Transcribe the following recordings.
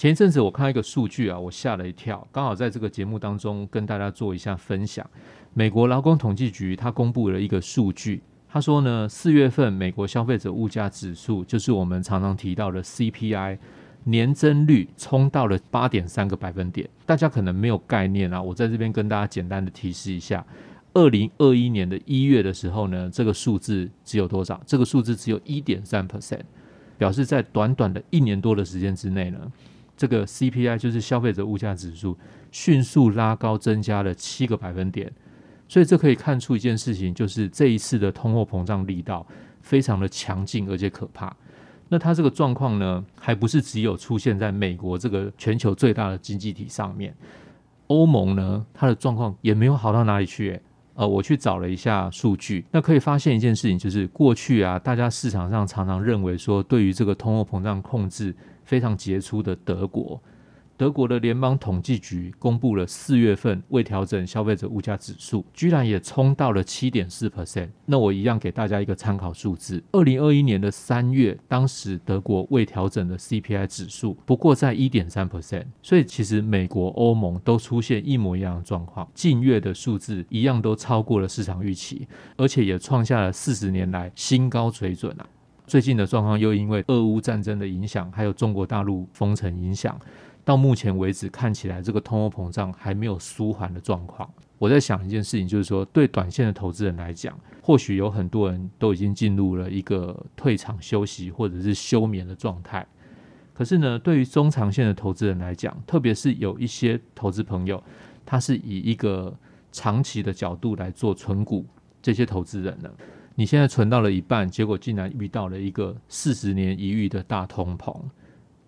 前一陣子我看到一個數據啊，我嚇了一跳，剛好在這個節目當中跟大家做一下分享。美國勞工統計局它公布了一個數據，他說呢，四月份美國消費者物價指數，就是我們常常提到的 CPI，年增率衝到了八點三個百分點。大家可能沒有概念啊，我在這邊跟大家簡單的提示一下，二零二一年的一月的時候呢，這個數字只有多少？這個數字只有一點三 percent，表示在短短的一年多的時間之內呢。這個 CPI 就是消費者物價指數迅速拉高，增加了七個百分點，所以這可以看出一件事情，就是這一次的通貨膨脹力道非常的強勁，而且可怕。那它這個狀況呢，還不是只有出現在美國這個全球最大的經濟體上面，歐盟呢，它的狀況也沒有好到哪裡去，欸。呃，我去找了一下數據，那可以發現一件事情，就是過去啊，大家市場上常常認為說，對於這個通貨膨脹控制非常傑出的德國。德國的聯邦統計局公布了四月份未調整消費者物價指數，居然也衝到了七點四 percent。那我一樣給大家一個參考數字。二零二一年的三月，當時德國未調整的 CPI 指數不過在一點三 percent。所以其實美國、歐盟都出現一模一樣的狀況，近月的數字一樣都超過了市場預期，而且也創下了四十年來新高水準啊！最近的狀況又因為俄烏戰爭的影響，還有中國大陸封城影響。到目前為止，看起來這個通貨膨脹還沒有舒緩的狀況。我在想一件事情，就是說，對短線的投資人來講，或許有很多人都已經進入了一個退場、休息或者是休眠的狀態。可是呢，對於中長線的投資人來講，特別是有一些投資朋友，他是以一個長期的角度來做存股，這些投資人呢，你現在存到了一半，結果竟然遇到了一個四十年一遇的大通膨。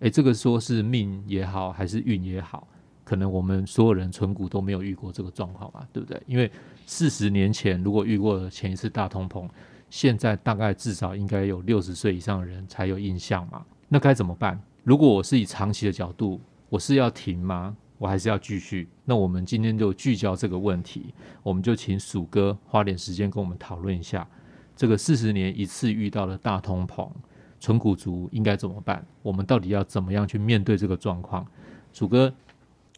誒，這個說是命也好，還是運也好，可能我們所有人存股都沒有遇過這個狀況吧，對不對？因為四十年前如果遇過了前一次大通膨，現在大概至少應該有六十歲以上的人才有印象嘛。那該怎麼辦？如果我是以長期的角度，我是要停嗎？我還是要繼續？那我們今天就聚焦這個問題，我們就請薯哥花點時間跟我們討論一下這個四十年一次遇到的大通膨。存股族應該怎麼辦？我們到底要怎麼樣去面對這個狀況？薯哥，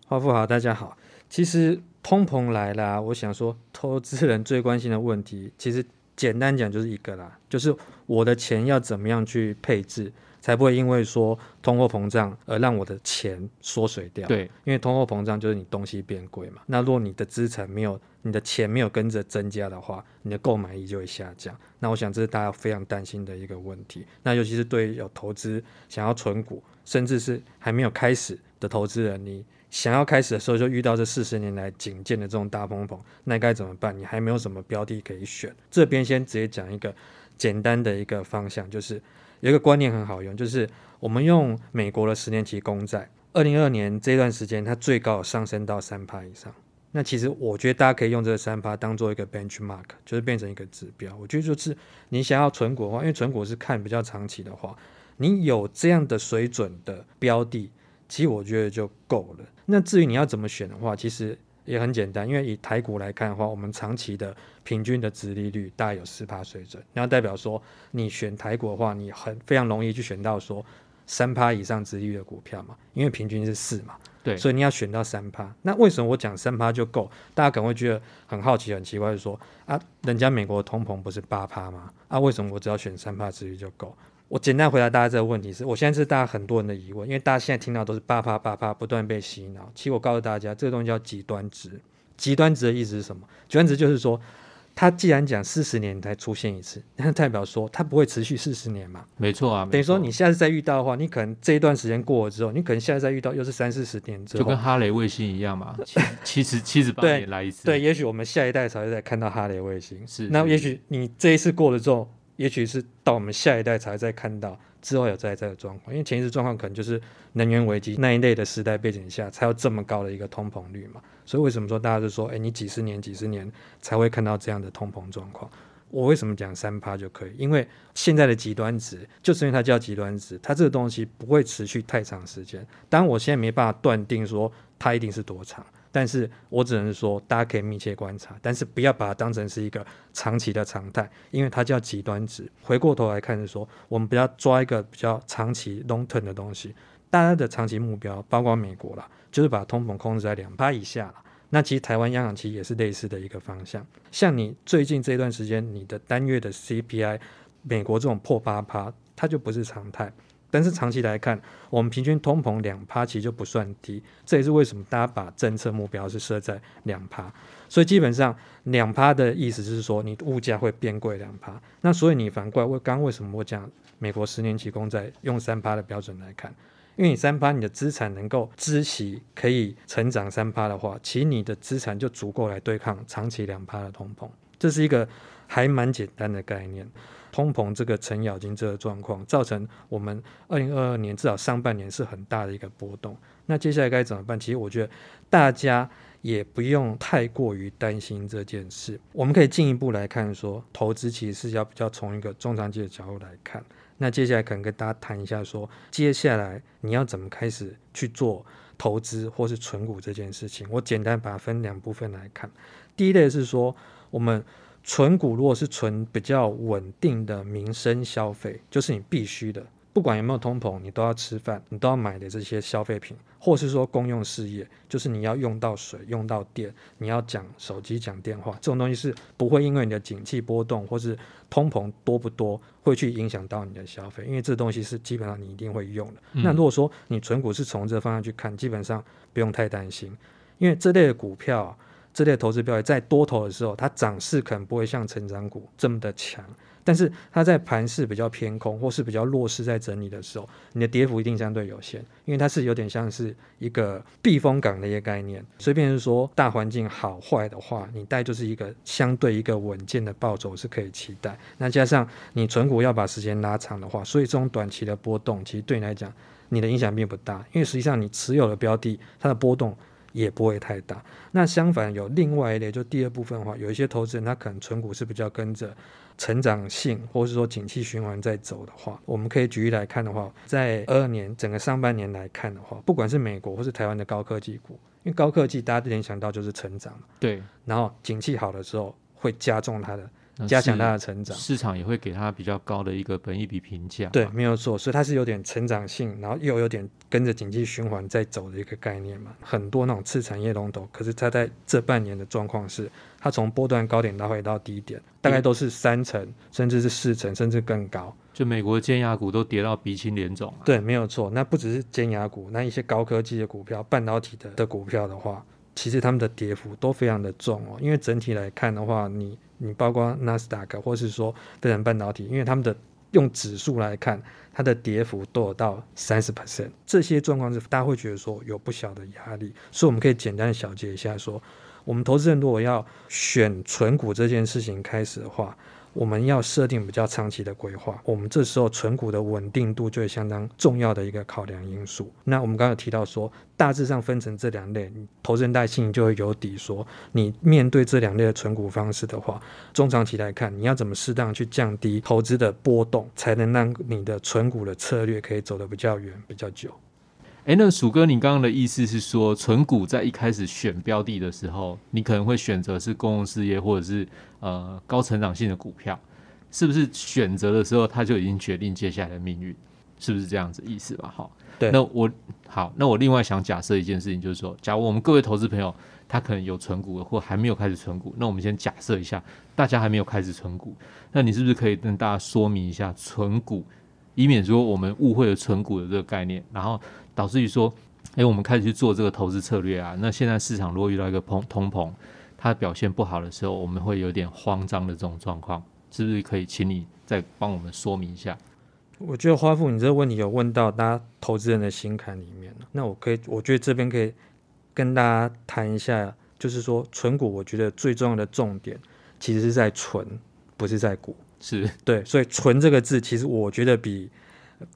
花父好，大家好。其實通膨來了，我想說，投資人最關心的問題，其實簡單講就是一個啦，就是我的錢要怎麼樣去配置，才不會因為說通貨膨脹而讓我的錢縮水掉？對，因為通貨膨脹就是你東西變貴嘛。那若你的資產沒有你的錢沒有跟着增加的話，你的購買力就會下降。那我想這是大家非常擔心的一個問題。那尤其是對於有投資想要存股，甚至是還沒有開始的投資人，你想要開始的時候就遇到這四十年來僅見的這種大通膨，那該怎麼辦？你還沒有什麼標的可以選。這邊先直接講一個簡單的一個方向，就是有一個觀念很好用，就是我們用美國的十年期公債，二零二二年這段時間它最高有上升到三趴以上。那其實我覺得大家可以用這個三趴當做一個 benchmark，就是變成一個指標。我覺得就是你想要存股的話，因為存股是看比較長期的話，你有這樣的水準的標的，其實我覺得就夠了。那至於你要怎麼選的話，其實也很簡單，因為以台股來看的話，我們長期的平均的殖利率大概有四趴水準，那代表說你選台股的話，你很非常容易去選到說三趴以上殖利率的股票嘛，因為平均是四嘛，對，所以你要選到三趴。那為什麼我講三趴就夠？大家可能會覺得很好奇、很奇怪就說，說啊，人家美國的通膨不是八趴嗎？啊，為什麼我只要選三趴殖利率就夠？我簡單回答大家這個問題是，是我現在是大家很多人的疑問，因為大家現在聽到都是八趴、八趴不斷被洗腦。其實我告訴大家，這個東西叫極端值。極端值的意思是什麼？極端值就是說。他既然講四十年才出現一次，那代表說它不會持續四十年嘛？沒錯啊，沒錯，等於說你下次再遇到的話，你可能這一段時間過了之後，你可能下次再遇到又是三四十年之後，就跟哈雷彗星一樣嘛，七十七十八年來一次對。對，也許我們下一代才會再看到哈雷彗星。是，是，那也許你這一次過了之後，也許是到我們下一代才會再看到。之後有再再的狀況，因為前一次狀況可能就是能源危機那一類的時代背景下才有這麼高的一個通膨率嘛，所以為什麼說大家就說，哎、欸，你幾十年幾十年才會看到這樣的通膨狀況？我為什麼講三趴就可以？因為現在的極端值，就是因為它叫極端值，它這個東西不會持續太長時間，當然我現在沒辦法斷定說它一定是多長。但是我只能說，大家可以密切觀察，但是不要把它當成是一個長期的常態，因為它叫極端值。回過頭來看是說，我們不要抓一個比較長期 long term 的東西，大家的長期目標，包括美國啦，就是把通膨控制在兩趴以下啦。那其實台灣央行其實也是類似的一個方向。像你最近這段時間，你的單月的 CPI，美國這種破八趴，它就不是常態。但是長期來看，我們平均通膨兩趴其實就不算低，這也是為什麼大家把政策目標是設在兩趴。所以基本上兩趴的意思是說，你物價會變貴兩趴。那所以你反過來，問，剛剛為什麼我講美國十年期公債用三趴的標準來看？因為你三趴，你的資產能夠孳息可以成長三趴的話，其實你的資產就足夠來對抗長期兩趴的通膨。這是一個還蠻簡單的概念。通膨這個程咬金這個狀況，造成我們二零二二年至少上半年是很大的一個波動。那接下來該怎麼辦？其實我覺得大家也不用太過於擔心這件事。我們可以進一步來看說，說投資其實是要比較從一個中長期的角度來看。那接下來可能跟大家談一下說，說接下來你要怎麼開始去做投資或是存股這件事情。我簡單把它分兩部分來看。第一類是說我們。存股如果是存比較穩定的民生消費，就是你必須的，不管有沒有通膨，你都要吃飯，你都要買的這些消費品，或是說公用事業，就是你要用到水、用到電，你要講手機、講電話，這種東西是不會因為你的景氣波動或是通膨多不多，會去影響到你的消費，因為這東西是基本上你一定會用的。嗯、那如果說你存股是從這個方向去看，基本上不用太擔心，因為這類的股票啊。這類投資標的在多頭的時候，它漲勢可能不會像成長股這麼的強，但是它在盤勢比較偏空或是比較弱勢在整理的時候，你的跌幅一定相對有限，因為它是有點像是一個避風港的一個概念。所以，變成說大環境好壞的話，你大概就是一個相對一個穩健的報酬，是可以期待。那加上你存股要把時間拉長的話，所以這種短期的波動其實對你來講，你的影響並不大，因為實際上你持有的標的它的波動，也不會太大。那相反有另外一類，就第二部分的話，有一些投資人他可能存股是比較跟着成長性，或是說景氣循環在走的話，我們可以舉例來看的話，在二二年整個上半年來看的話，不管是美國或是台灣的高科技股，因為高科技大家都聯想到就是成長嘛，對，然後景氣好的時候會加重它的。加強它的成長，市場也會給它比較高的一個本益比評價啊。對，沒有錯，所以它是有點成長性，然後又有點跟着經濟循環在走的一個概念嘛。很多那種次產業龍頭，可是它在這半年的狀況是，它從波段高點到回到低點，大概都是三成，甚至是四成，甚至更高。就美國的尖牙股都跌到鼻青臉腫啊。對，沒有錯。那不只是尖牙股，那一些高科技的股票、半導體的的股票的話，其實他們的跌幅都非常的重哦。因為整體來看的話，你。你包括納斯達克，或者是說費城半導體，因為他們的用指數來看，它的跌幅都有到三十 percent，這些狀況是大家會覺得說有不小的壓力，所以我們可以簡單的小結一下說，我們投資人如果要選存股這件事情開始的話。我們要設定比較長期的規劃，我們這時候存股的穩定度就會相當重要的一個考量因素。那我們剛剛提到說，大致上分成這兩類，投資人耐性就會有底說。說你面對這兩類的存股方式的話，中長期來看，你要怎麼適當去降低投資的波動，才能讓你的存股的策略可以走得比較遠、比較久？誒，那薯哥，你剛剛的意思是說，存股在一開始選標的的時候，你可能會選擇是公共事業或者是？呃，高成長性的股票，是不是選擇的時候，他就已經決定接下來的命運？是不是這樣子意思吧？哈，對。那我好，那我另外想假設一件事情，就是說，假如我們各位投資朋友，他可能有存股，或還沒有開始存股，那我們先假設一下，大家還沒有開始存股，那你是不是可以跟大家說明一下存股，以免說我們誤會了存股的這個概念，然後導致於說，誒，我們開始去做這個投資策略啊，那現在市場如果遇到一個通膨。他表現不好的時候，我們會有點慌張的這種狀況，是不是可以請你再幫我們說明一下？我覺得花父，你這個問題有問到大家投資人的心坎裡面了。那我可以，我覺得這邊可以跟大家談一下，就是說存股，我覺得最重要的重點其實是在存，不是在股，是對，所以存這個字，其實我覺得比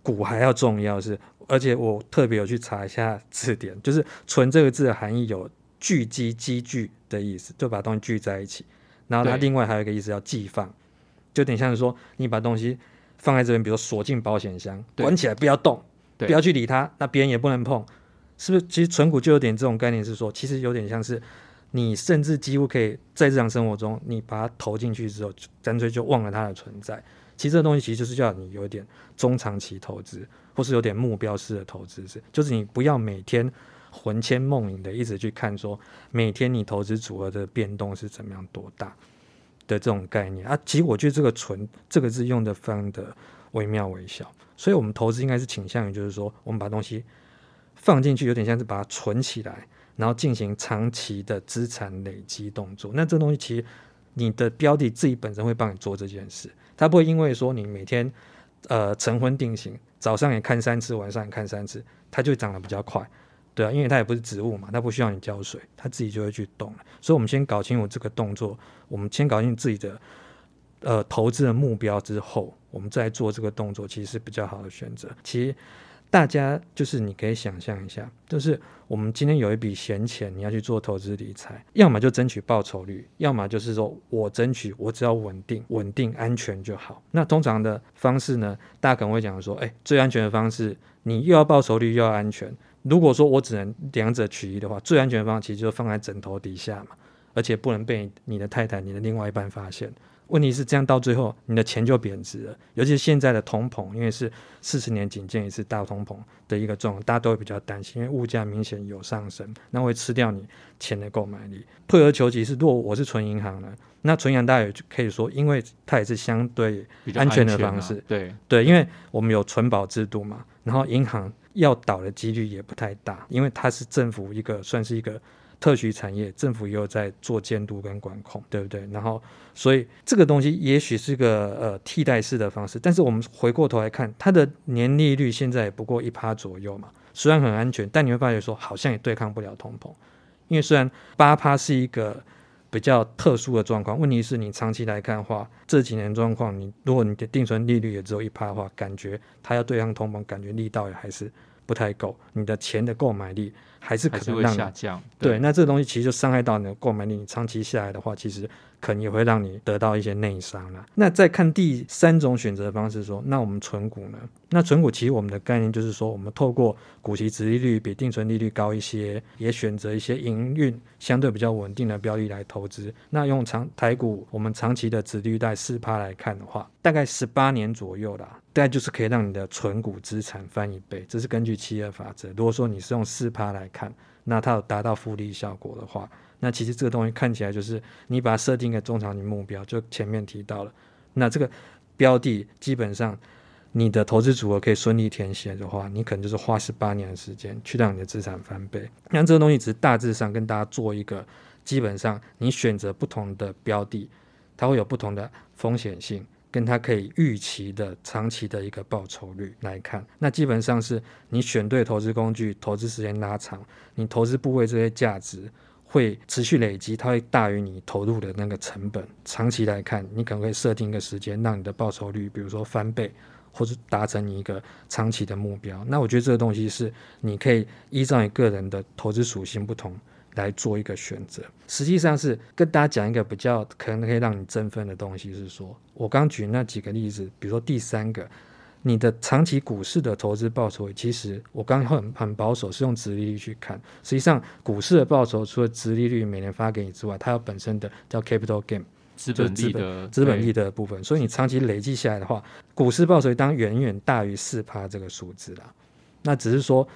股還要重要。是，而且我特別有去查一下字典，就是存這個字的含義有。聚集、積聚的意思，就把東西聚在一起。然後它另外還有一個意思，叫寄放，就等像是說，你把東西放在這邊，比如說鎖進保險箱對，關起來不要動，對，不要去理它，那別人也不能碰，是不是？其實存股就有點這種概念，是說，其實有點像是你甚至幾乎可以在日常生活中，你把它投進去之後，就乾脆就忘了它的存在。其實這東西其實就是叫你有點中長期投資，或是有點目標式的投資，是就是你不要每天。魂牽夢縈的一直去看，說每天你投資組合的變動是怎麼樣多大的這種概念啊！其實我覺得這個“存”這個字用的非常的惟妙惟肖，所以我們投資應該是傾向於就是說，我們把東西放進去，有點像是把它存起來，然後進行長期的資產累積動作。那這東西其實你的標的自己本身會幫你做這件事，它不會因為說你每天呃晨昏定型，早上也看三次，晚上也看三次，它就漲得比較快。對啊，因為它也不是植物嘛，它不需要你澆水，它自己就會去動了。所以，我們先搞清楚這個動作，我們先搞清楚自己的呃投資的目標之後，我們再做這個動作，其實是比較好的選擇。其實大家就是你可以想象一下，就是我們今天有一筆閒錢，你要去做投資理財，要麼就爭取報酬率，要麼就是說我爭取我只要穩定、穩定、安全就好。那通常的方式呢，大家可能會講說，哎，最安全的方式，你又要報酬率又要安全。如果說我只能兩者取一的話，最安全的方式其實就是放在枕頭底下嘛，而且不能被你的太太、你的另外一半發現。問題是這樣到最後，你的錢就貶值了。尤其現在的通膨，因為是四十年僅見一次大通膨的一個狀，大家都會比較擔心，因為物價明顯有上升，那會吃掉你錢的購買力。退而求其次，如果我是存銀行呢，那存銀行大家也可以說，因為它也是相對安全的方式，啊、對對，因為我們有存保制度嘛，然後銀行，要倒的幾率也不太大，因為它是政府一個算是一個特許產業，政府也有在做監督跟管控，對不對？然後，所以這個東西也許是一個呃替代式的方式，但是我們回過頭來看，它的年利率現在也不過一趴左右嘛，雖然很安全，但你會發現說好像也對抗不了通膨，因為雖然八趴是一個比較特殊的狀況，問題是你長期來看的話，這幾年狀況，你如果你的定存利率也只有一趴的話，感覺它要對抗通膨，感覺力道也還是，不太夠，你的錢的購買力還是可能是會下降。對，對，那這個東西其實就傷害到你的購買力，你長期下來的話，其實可能也會讓你得到一些內傷啦。那再看第三種選擇的方式說，說那我們存股呢？那存股其實我們的概念就是說，我們透過股息、殖利率比定存利率高一些，也選擇一些營運相對比較穩定的標的來投資。那用長台股，我們長期的殖利率在四趴來看的話，大概十八年左右啦。大概就是可以讓你的存股資產翻一倍，這是根據七二法則。如果說你是用四趴來看，那它有達到複利效果的話，那其實這個東西看起來就是你把它設定一個中長期目標，就前面提到了。那這個標的基本上你的投資組合可以順利填寫的話，你可能就是花十八年的時間去讓你的資產翻倍。那這個東西只是大致上跟大家做一個，基本上你選擇不同的標的，它會有不同的風險性。跟他可以預期的長期的一個報酬率來看，那基本上是你選對投資工具，投資時間拉長，你投資部位這些價值會持續累積，它會大於你投入的那個成本。長期來看，你可能會設定一個時間，讓你的報酬率，比如說翻倍，或是達成你一個長期的目標。那我覺得這個東西是你可以依照你個人的投資屬性不同。來做一個選擇，實際上是跟大家講一個比較可能可以讓你振奮的東西，是說我剛舉那幾個例子，比如說第三個，你的長期股市的投資報酬，其實我剛很很保守是用殖利率去看，實際上股市的報酬除了殖利率每年發給你之外，它有本身的叫 capital gain 資本利得、就是、資，資本利得部分，所以你長期累計下來的話，股市報酬當遠遠大於四趴這個數字啦。那只是說。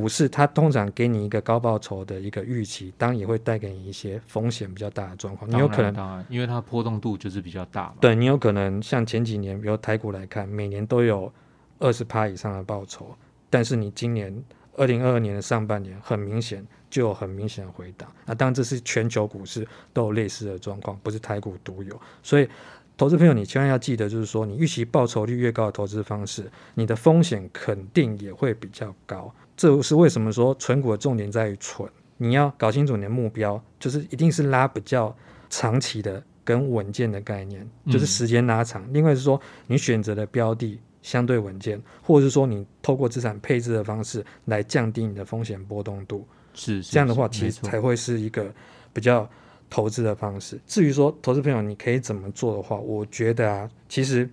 股市它通常給你一個高報酬的一個預期，當然也會帶給你一些風險比較大的狀況。你有可能，因為它波動度就是比較大嘛。對，你有可能像前幾年，比如台股來看，每年都有二十趴以上的報酬，但是你今年二零二二年的上半年，很明顯就有很明顯的回檔。那當然，這是全球股市都有類似的狀況，不是台股獨有，所以。投資朋友，你千萬要記得，就是說，你預期報酬率越高的投資方式，你的風險肯定也會比較高。這是為什麼說存股的重點在於存。你要搞清楚你的目標，就是一定是拉比較長期的、跟穩健的概念，就是時間拉長。另外是說，你選擇的標的相對穩健，或者是說，你透過資產配置的方式來降低你的風險波動度。是這樣的話，其實才會是一個比較投資的方式，至於說投資朋友你可以怎麼做的話，我覺得啊，其實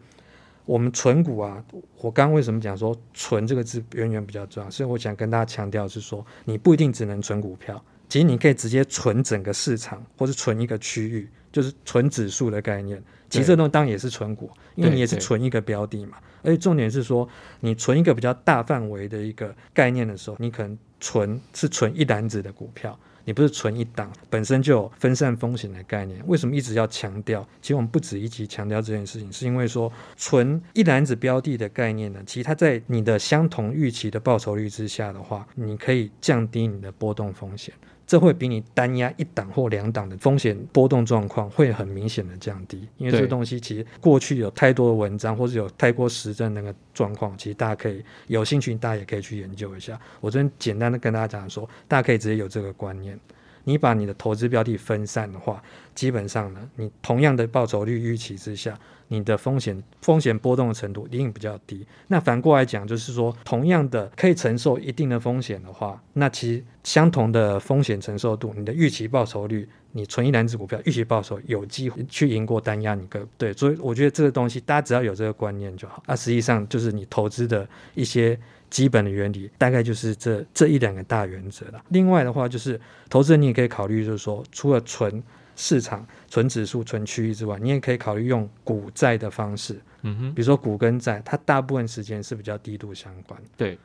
我們存股啊，我剛為什麼講說“存”這個字遠遠比較重要，所以我想跟大家強調是說，你不一定只能存股票，其實你可以直接存整個市場，或者存一個區域，就是存指數的概念，其實這種當然也是存股，因為你也是存一個標的嘛對對對。而且重點是說，你存一個比較大範圍的一個概念的時候，你可能存是存一籃子的股票。你不是存一檔，本身就有分散風險的概念，為什麼一直要強調？其實我們不止一集強調這件事情，是因為說存一籃子標的的概念呢，其實它在你的相同預期的報酬率之下的話，你可以降低你的波動風險。這會比你單壓一檔或兩檔的風險波動狀況會很明顯的降低，因為這個東西其實過去有太多的文章或是有太多實證的那個狀況，其實大家可以有興趣，大家也可以去研究一下。我這邊簡單的跟大家講說，大家可以直接有這個觀念。你把你的投資標的分散的話，基本上呢，你同樣的報酬率預期之下，你的風險風險波動的程度一定比較低。那反過來講，就是說，同樣的可以承受一定的風險的話，那其相同的風險承受度，你的預期報酬率，你存一籃子股票預期報酬有機會去贏過單壓。你個對，所以我覺得這個東西，大家只要有這個觀念就好。那、啊、實際上就是你投資的一些。基本的原理大概就是這這一兩個大原則啦。另外的話，就是投資人你也可以考慮，就是說，除了存市場、存指數、存區域之外，你也可以考慮用股債的方式。嗯哼，比如說股跟債，它大部分時間是比較低度相關。對。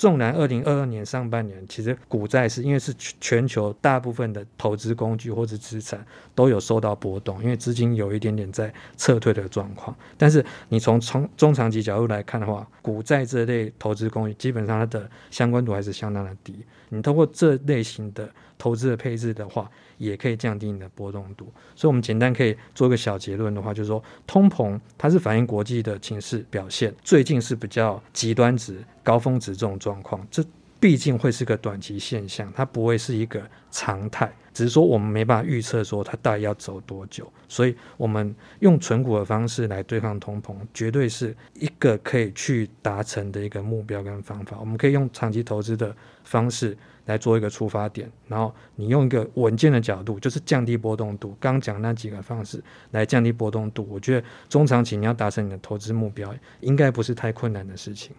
縱然二零二二年上半年，其實股債是因為是全全球大部分的投資工具或者資產都有受到波動，因為資金有一點點在撤退的狀況。但是你從從中長期角度來看的話，股債這類投資工具，基本上它的相關度還是相當的低。你通過這類型的。投資的配置的話，也可以降低你的波動度。所以，我們簡單可以做一個小結論的話，就是說，通膨它是反映國際的情勢表現，最近是比較極端值、高峰值這種狀況。這畢竟會是個短期現象，它不會是一個常態。只是說，我們沒辦法預測說它到底要走多久。所以我們用存股的方式來對抗通膨，絕對是一個可以去達成的一個目標跟方法。我們可以用長期投資的方式，來做一個出發點，然後你用一個穩健的角度，就是降低波動度。剛講那幾個方式來降低波動度，我覺得中長期你要達成你的投資目標，應該不是太困難的事情。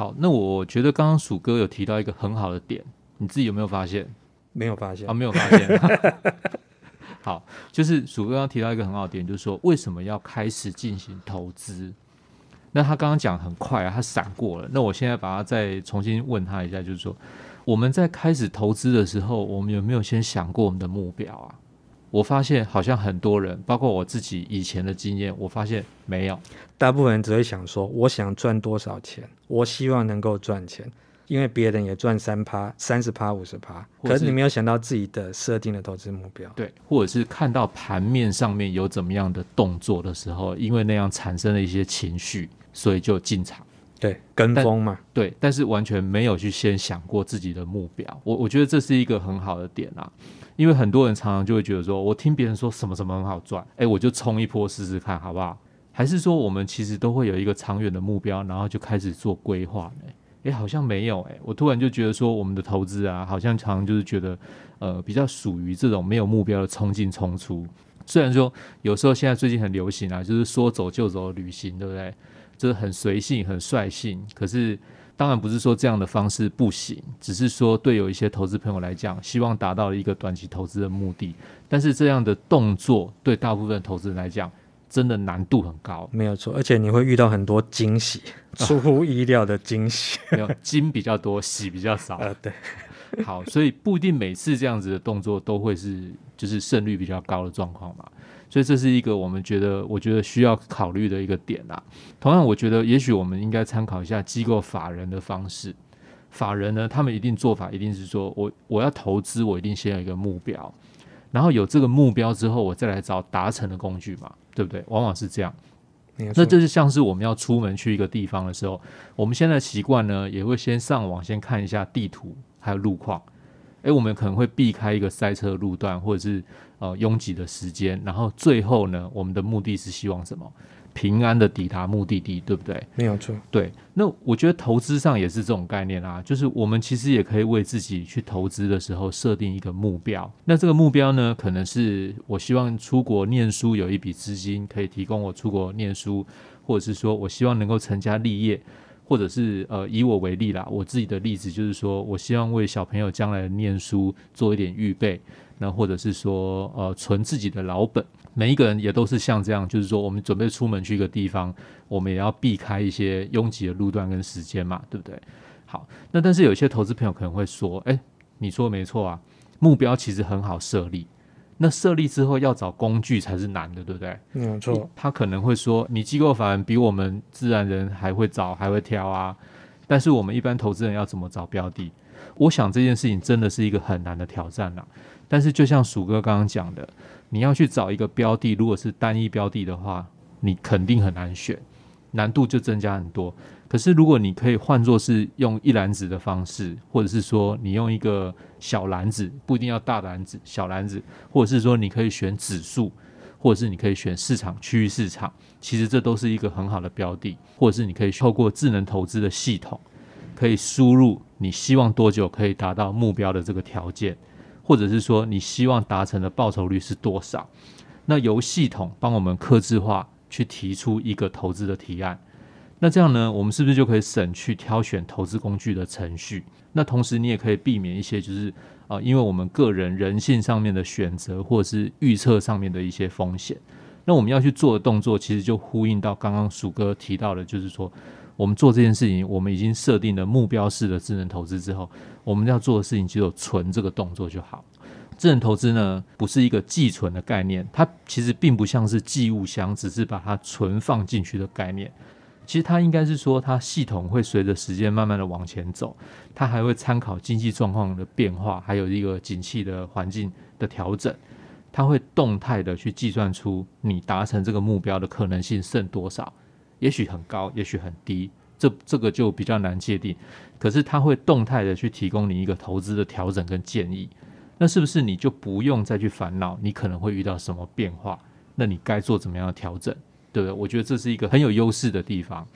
好，那我覺得剛剛薯哥，有提到一個很好的點，你自己有沒有發現？沒有發現啊、哦，沒有發現、啊。 好，就是薯哥剛剛提到一個很好的點，就是說，為什麼要開始進行投資？那他剛剛講很快啊，他閃過了。那我現在把它再重新問他一下，就是說，我們在開始投資的時候，我們有沒有先想過我們的目標啊？我發現好像很多人，包括我自己以前的經驗，我發現沒有。大部分人只會想說：“我想賺多少錢？我希望能夠賺錢，因為別人也賺三趴、三十趴、五十趴。”可是你沒有想到自己的設定的投資目標，對，或者是看到盤面上面有怎麼樣的動作的時候，因為那樣產生了一些情緒，所以就進場，對，跟風嘛。對，但是完全沒有去先想過自己的目標。我我覺得這是一個很好的點啊。因為很多人常常就會覺得說，我聽別人說什麼什麼很好賺，哎，我就衝一波試試看，好不好？還是說我們其實都會有一個長遠的目標，然後就開始做規劃呢？哎，好像沒有哎、欸，我突然就覺得說，我們的投資啊，好像常常就是覺得，呃，比較屬於這種沒有目標的衝進衝出。雖然說有時候現在最近很流行啊，就是說走就走的旅行，對不對？就是很隨性、很率性，可是，當然不是說這樣的方式不行，只是說對有一些投資朋友來講，希望達到一個短期投資的目的，但是這樣的動作對大部分投資人來講，真的難度很高。沒有錯，而且你會遇到很多驚喜， 出乎意料的驚喜。 沒有驚比較多，喜比較少。對。 好，所以不一定每次這樣子的動作都會是就是勝率比較高的狀況嘛。所以這是一個我們覺得，我覺得需要考慮的一個點啊。同樣，我覺得也許我們應該參考一下機構法人的方式。法人呢，他們一定做法一定是說，我我要投資，我一定先有一個目標，然後有這個目標之後，我再來找達成的工具嘛，對不對？往往是這樣。那這是像是我們要出門去一個地方的時候，我們現在習慣呢，也會先上網先看一下地圖，還有路況。誒，我們可能會避開一個塞車路段，或者是。呃，擁擠的時間，然後最後呢，我們的目的是希望什麼？平安的抵達目的地，對不對？沒有錯。對，那我覺得投資上也是這種概念啊，就是我們其實也可以為自己去投資的時候設定一個目標。那這個目標呢，可能是我希望出國念書，有一筆資金可以提供我出國念書，或者是說我希望能夠成家立業，或者是呃，以我為例啦，我自己的例子就是說我希望為小朋友將來念書做一點預備。那或者是說，呃，存自己的老本，每一個人也都是像這樣，就是說，我們準備出門去一個地方，我們也要避開一些擁擠的路段跟時間嘛，對不對？好，那但是有些投資朋友可能會說，哎，你說沒錯啊，目標其實很好設立，那設立之後要找工具才是難的，對不對？沒錯，他可能會說，你機構反而比我們自然人還會找、還會挑啊，但是我們一般投資人要怎麼找標的？我想這件事情真的是一個很難的挑戰啊。但是，就像薯哥剛剛講的，你要去找一個標的，如果是單一標的的話，你肯定很難選，難度就增加很多。可是，如果你可以換作是用一籃子的方式，或者是說你用一個小籃子，不一定要大籃子，小籃子，或者是說你可以選指數，或者是你可以選市場、區域市場，其實這都是一個很好的標的，或者是你可以透過智能投資的系統，可以輸入你希望多久可以達到目標的這個條件。或者是說你希望達成的報酬率是多少？那由系統幫我們客製化去提出一個投資的提案。那這樣呢，我們是不是就可以省去挑選投資工具的程序？那同時你也可以避免一些就是啊、呃，因為我們個人人性上面的選擇或者是預測上面的一些風險。那我們要去做的動作，其實就呼應到剛剛薯哥提到的，就是說。我們做這件事情，我們已經設定了目標式的智能投資之後，我們要做的事情只有存這個動作就好。智能投資呢，不是一個寄存的概念，它其實並不像是寄物箱，只是把它存放進去的概念。其實它應該是說，它系統會隨着時間慢慢的往前走，它還會參考經濟狀況的變化，還有一個景氣的環境的調整，它會動態的去計算出你達成這個目標的可能性剩多少。也許很高，也許很低，這這個就比較難界定。可是它會動態的去提供你一個投資的調整跟建議，那是不是你就不用再去煩惱你可能會遇到什麼變化？那你該做怎麼樣的調整，對不對？我覺得這是一個很有優勢的地方。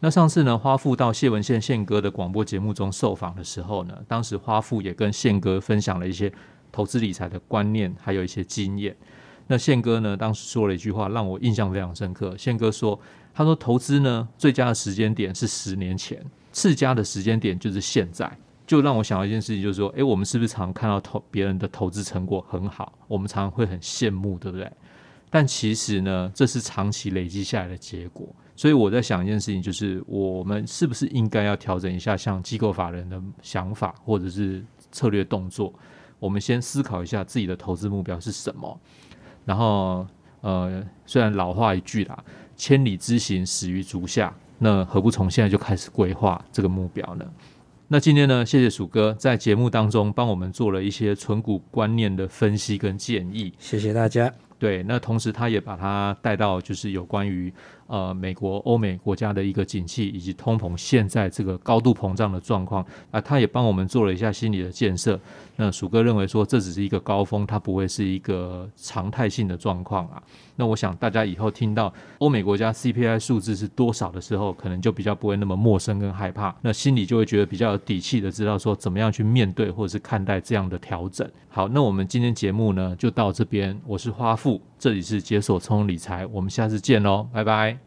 那上次呢，花父到謝文憲憲哥的廣播節目中受訪的時候呢，當時花父也跟憲哥分享了一些投資理財的觀念，還有一些經驗。那憲哥呢？當時說了一句話，讓我印象非常深刻。憲哥說：“他說投資呢，最佳的時間點是十年前，次佳的時間點就是現在。”就讓我想到一件事情，就是說，哎、欸，我們是不是常看到投別人的投資成果很好，我們常常會很羨慕，對不對？但其實呢，這是長期累積下來的結果。所以我在想一件事情，就是我們是不是應該要調整一下，像機構法人的想法或者是策略動作？我們先思考一下自己的投資目標是什麼。然後，呃，雖然老話一句啦，“千里之行，始於足下”，那何不從現在就開始規劃這個目標呢？那今天呢，謝謝薯哥在節目當中幫我們做了一些存股觀念的分析跟建議。謝謝大家。對，那同時他也把他帶到就是有關於呃美國、歐美國家的一個景氣以及通膨現在這個高度膨脹的狀況，啊，他也幫我們做了一下心理的建設。那薯哥認為說，這只是一個高峰，它不會是一個常態性的狀況啊。那我想大家以後聽到歐美國家 CPI 數字是多少的時候，可能就比較不會那麼陌生跟害怕，那心裡就會覺得比較有底氣的知道說怎麼樣去面對或者是看待這樣的調整。好，那我們今天節目呢就到這邊，我是花父，這裡是解鎖聰理財，我們下次見嘍，拜拜。